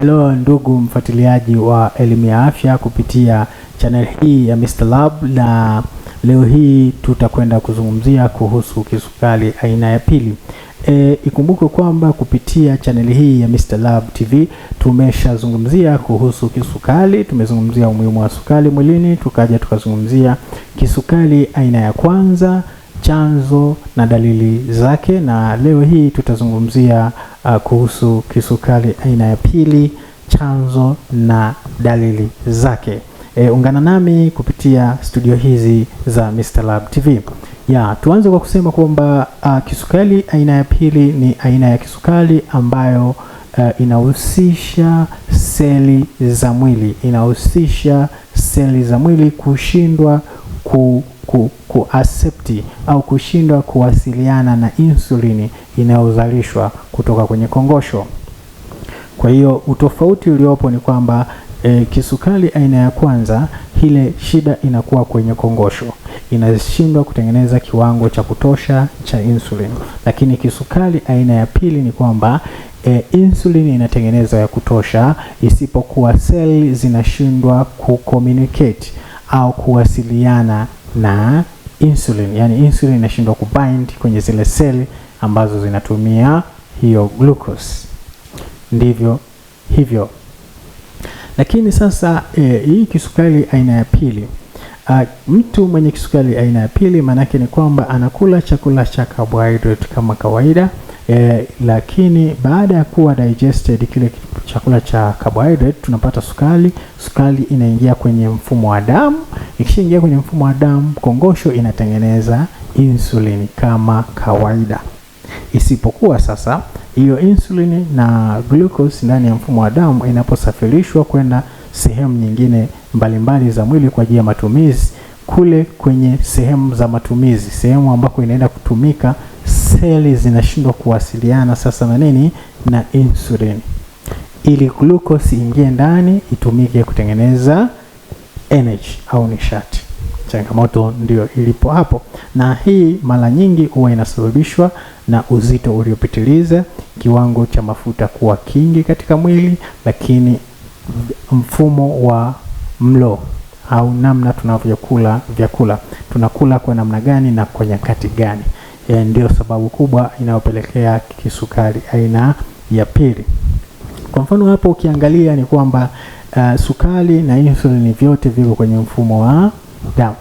Hello ndugu mfuatiliaji wa elimu ya afya kupitia channel hii ya Mr. Lab, na leo hii tutakwenda kuzungumzia kuhusu kisukari aina ya pili. E, ikumbukwe kwamba kupitia chaneli hii ya Mr. Lab TV tumeshazungumzia kuhusu kisukari, tumezungumzia umuhimu wa sukari mwilini, tukaja tukazungumzia kisukari aina ya kwanza chanzo na dalili zake, na leo hii tutazungumzia uh, kuhusu kisukari aina ya pili, chanzo na dalili zake. E, ungana nami kupitia studio hizi za Mr. Lab TV. Ya, tuanze kwa kusema kwamba uh, kisukari aina ya pili ni aina ya kisukari ambayo uh, inahusisha seli za mwili, inahusisha seli za mwili kushindwa ku, ku kuasepti au kushindwa kuwasiliana na insulini inayozalishwa kutoka kwenye kongosho. Kwa hiyo utofauti uliopo ni kwamba e, kisukari aina ya kwanza ile shida inakuwa kwenye kongosho, inashindwa kutengeneza kiwango cha kutosha cha insulin. Lakini kisukari aina ya pili ni kwamba e, insulin inatengenezwa ya kutosha, isipokuwa seli zinashindwa kucommunicate au kuwasiliana na insulin, yani insulin inashindwa kubind kwenye zile seli ambazo zinatumia hiyo glucose. Ndivyo hivyo. Lakini sasa e, hii kisukari aina ya pili A, ah, mtu mwenye kisukari aina ya pili maanake ni kwamba anakula chakula cha carbohydrate kama kawaida e, lakini baada ya kuwa digested kile chakula cha carbohydrate, tunapata sukari. Sukari inaingia kwenye mfumo wa damu, ikishaingia kwenye mfumo wa damu, kongosho inatengeneza insulini kama kawaida, isipokuwa sasa hiyo insulini na glucose ndani ya mfumo wa damu inaposafirishwa kwenda sehemu nyingine mbalimbali mbali za mwili kwa ajili ya matumizi, kule kwenye sehemu za matumizi, sehemu ambako inaenda kutumika seli zinashindwa kuwasiliana sasa na nini na insulin, ili glucose iingie ndani itumike kutengeneza energy au nishati. Changamoto ndio ilipo hapo, na hii mara nyingi huwa inasababishwa na uzito uliopitiliza, kiwango cha mafuta kuwa kingi katika mwili, lakini mfumo wa mlo au namna tunavyokula vyakula, tunakula kwa namna gani na kwa nyakati gani? e, ndio sababu kubwa inayopelekea kisukari aina ya pili. Kwa mfano hapo ukiangalia ni kwamba uh, sukari na insulin vyote viko kwenye mfumo wa damu,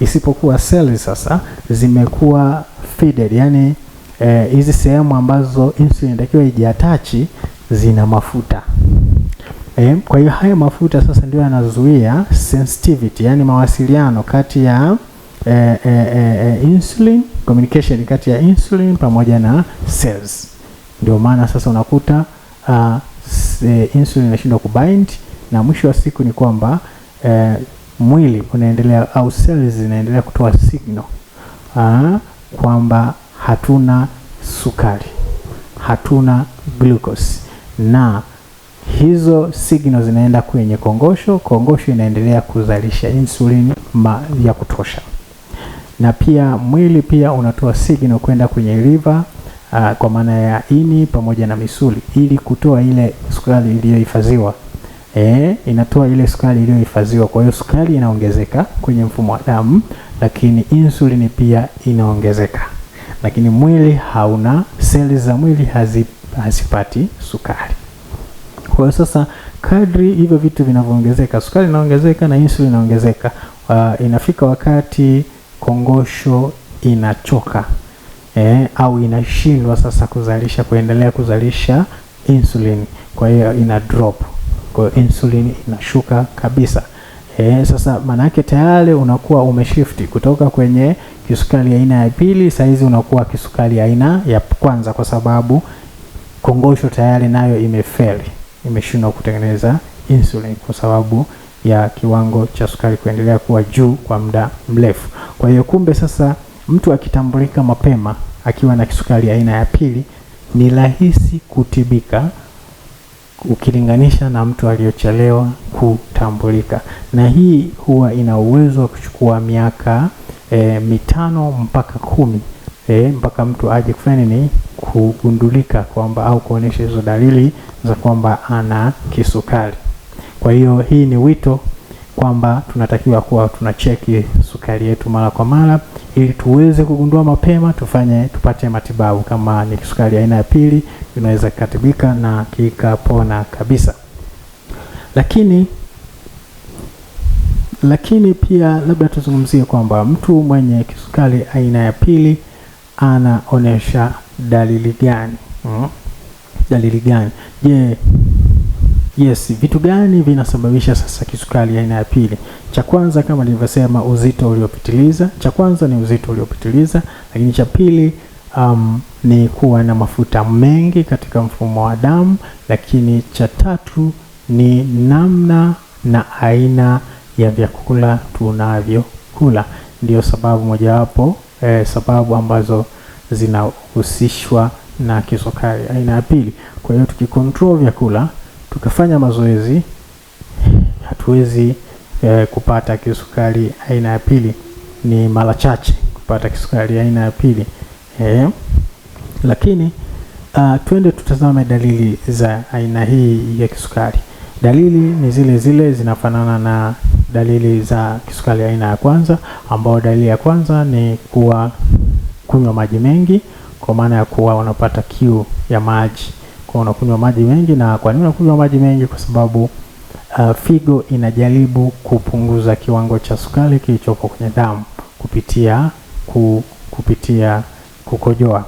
isipokuwa seli sasa zimekuwa feeded, yani eh, hizi eh, sehemu ambazo insulin inatakiwa ijiatachi zina mafuta eh, kwa hiyo haya mafuta sasa ndio yanazuia sensitivity, yani mawasiliano kati ya eh, eh, eh, insulin communication kati ya insulin pamoja na cells. Ndio maana sasa unakuta uh, eh, insulin inashindwa kubind na mwisho wa siku ni kwamba uh, mwili unaendelea au cells zinaendelea kutoa signal uh, kwamba hatuna sukari, hatuna glucose na hizo signal zinaenda kwenye kongosho, kongosho inaendelea kuzalisha insulin ya kutosha na pia mwili pia unatoa signal kwenda kwenye liver uh, ah, kwa maana ya ini pamoja na misuli ili kutoa ile sukari iliyohifadhiwa. E, inatoa ile sukari iliyohifadhiwa. Kwa hiyo sukari inaongezeka kwenye mfumo wa damu, lakini insulini pia inaongezeka, lakini mwili hauna seli za mwili hazip, hazipati sukari. Kwa hiyo sasa kadri hivyo vitu vinavyoongezeka, sukari inaongezeka na insulini inaongezeka, uh, inafika wakati kongosho inachoka eh, au inashindwa sasa kuzalisha kuendelea kuzalisha insulin, kwa hiyo ina drop, kwa hiyo insulin inashuka kabisa. Eh, sasa manake tayari unakuwa umeshift kutoka kwenye kisukari aina ya pili, saizi unakuwa kisukari aina ya kwanza, kwa sababu kongosho tayari nayo imefeli, imeshindwa kutengeneza insulin kwa sababu ya kiwango cha sukari kuendelea kuwa juu kwa muda mrefu. Kwa hiyo kumbe sasa mtu akitambulika mapema akiwa na kisukari aina ya pili ni rahisi kutibika ukilinganisha na mtu aliyochelewa kutambulika, na hii huwa ina uwezo wa kuchukua miaka e, mitano mpaka kumi e, mpaka mtu aje kufanya nini, kugundulika kwamba au kuonesha hizo dalili za kwamba ana kisukari. Kwa hiyo hii ni wito kwamba tunatakiwa kuwa tunacheki sukari yetu mara kwa mara ili tuweze kugundua mapema, tufanye tupate matibabu. Kama ni sukari aina ya pili, inaweza kikatibika na kikapona kabisa. Lakini lakini pia labda tuzungumzie kwamba mtu mwenye kisukari aina ya pili anaonesha dalili gani? mm -hmm. Dalili gani? Je, Yes, vitu gani vinasababisha sasa kisukari aina ya pili? Cha kwanza kama nilivyosema, uzito uliopitiliza. Cha kwanza ni uzito uliopitiliza, lakini cha pili um, ni kuwa na mafuta mengi katika mfumo wa damu, lakini cha tatu ni namna na aina ya vyakula tunavyokula. Ndio sababu mojawapo eh, sababu ambazo zinahusishwa na kisukari aina ya pili. Kwa hiyo tukikontrol vyakula tukafanya mazoezi hatuwezi eh, kupata kisukari aina ya pili, ni mara chache kupata kisukari aina ya pili eh, lakini uh, twende tutazame dalili za aina hii ya kisukari. Dalili ni zile zile zinafanana na dalili za kisukari aina ya kwanza, ambao dalili ya kwanza ni kuwa kunywa maji mengi, kwa maana ya kuwa wanapata kiu ya maji kwa unakunywa maji mengi. Na kwa nini unakunywa maji mengi? Kwa sababu uh, figo inajaribu kupunguza kiwango cha sukari kilichopo kwenye damu kupitia ku, kupitia kukojoa.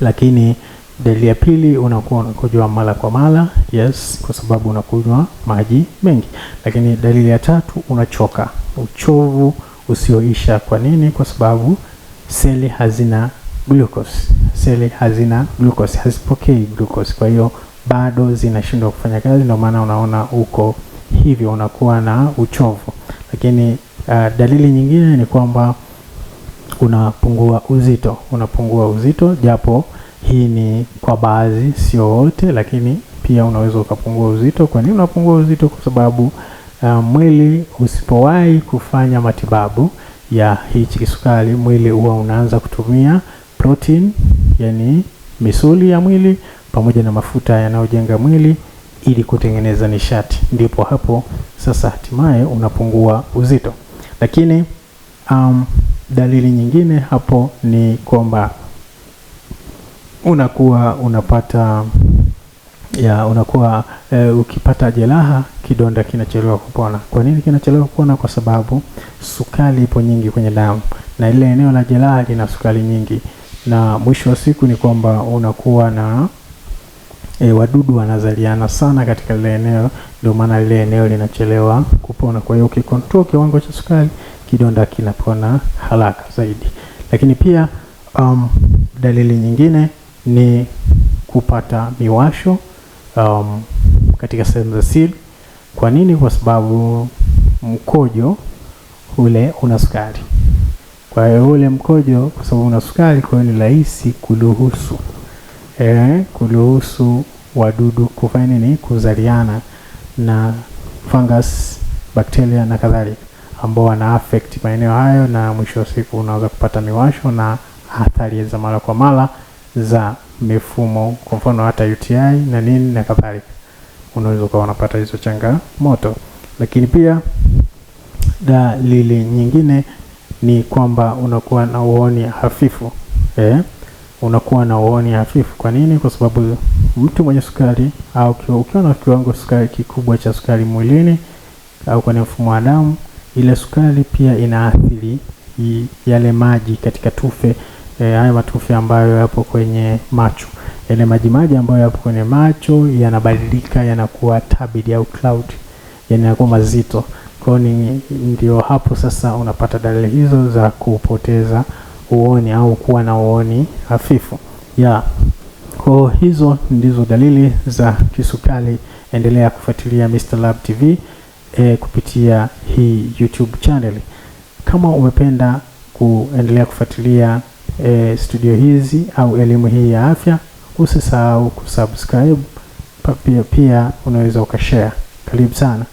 Lakini dalili ya pili unakuwa unakojoa mara kwa mara, yes, kwa sababu unakunywa maji mengi. Lakini dalili ya tatu unachoka, uchovu usioisha. Kwa nini? Kwa sababu seli hazina glucose. Seli hazina glucose, hazipokei glucose, kwa hiyo bado zinashindwa kufanya kazi, ndio maana unaona uko hivyo, unakuwa na uchovu. Lakini uh, dalili nyingine ni kwamba unapungua uzito, unapungua uzito, japo hii ni kwa baadhi, sio wote, lakini pia unaweza ukapungua uzito. Kwa nini unapungua uzito? Kwa sababu uh, mwili usipowahi kufanya matibabu ya hichi kisukari, mwili huwa unaanza kutumia protein, yani misuli ya mwili pamoja na mafuta yanayojenga mwili ili kutengeneza nishati, ndipo hapo sasa hatimaye unapungua uzito. Lakini um, dalili nyingine hapo ni kwamba unakuwa unapata ya unakuwa e, ukipata jeraha kidonda kinachelewa kupona. Kwa nini kinachelewa kupona? Kwa sababu sukari ipo nyingi kwenye damu na ile eneo la jeraha lina sukari nyingi na mwisho wa siku ni kwamba unakuwa na e, wadudu wanazaliana sana katika lile eneo, ndio maana lile eneo linachelewa kupona. Kwa hiyo ukikontrol kiwango cha sukari, kidonda kinapona haraka zaidi. Lakini pia um, dalili nyingine ni kupata miwasho um, katika sehemu za siri. Kwa nini? Kwa sababu mkojo ule una sukari. Kwa hiyo ule mkojo, kwa sababu una sukari, kwa hiyo ni rahisi kuruhusu eh, kuruhusu wadudu kufanya nini, kuzaliana na fungus, bakteria na kadhalika, ambao wana affect maeneo hayo, na mwisho wa siku unaweza kupata miwasho na hatari za mara kwa mara za mifumo, kwa mfano hata UTI na nini na kadhalika, unaweza ukawa unapata hizo changamoto. Lakini pia dalili nyingine ni kwamba unakuwa na uoni hafifu eh? unakuwa na uoni hafifu. Kwa nini? Kwa sababu mtu mwenye sukari au ukiwa na kiwango sukari kikubwa cha sukari mwilini au kwenye mfumo wa damu, ile sukari pia inaathiri yale maji katika tufe eh, haya matufe ambayo yapo kwenye macho yale majimaji ambayo yapo kwenye macho yanabadilika, yanakuwa tabidi au cloud, yanakuwa mazito. Kwa ni ndio hapo sasa unapata dalili hizo za kupoteza uoni au kuwa na uoni hafifu ya kwa hizo ndizo dalili za kisukari. Endelea kufuatilia Mr. Lab TV e, eh, kupitia hii YouTube channel. Kama umependa kuendelea kufuatilia e, studio hizi au elimu hii ya afya, usisahau kusubscribe pia, pia unaweza ukashare. Karibu sana.